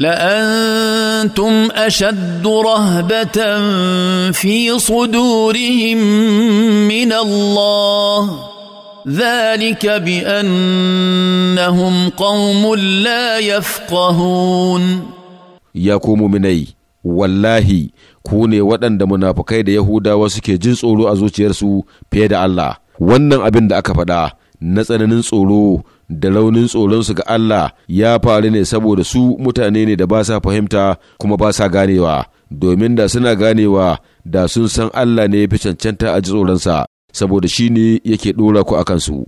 لانتم اشد رهبه في صدورهم من الله ذلك بانهم قوم لا يفقهون يا قوم مني والله كوني ودن da munafukai da yahudawa suke jin tsoro a zuciyarsu fiye da Allah wannan abin da aka faɗa na tsananin tsoro da raunin tsoronsu ga Allah ya faru ne saboda su mutane ne da ba sa fahimta kuma ba sa ganewa, domin da suna ganewa da sun san Allah ne ya fi cancanta a ji tsoronsa, saboda shi ne yake ɗora ku a kansu.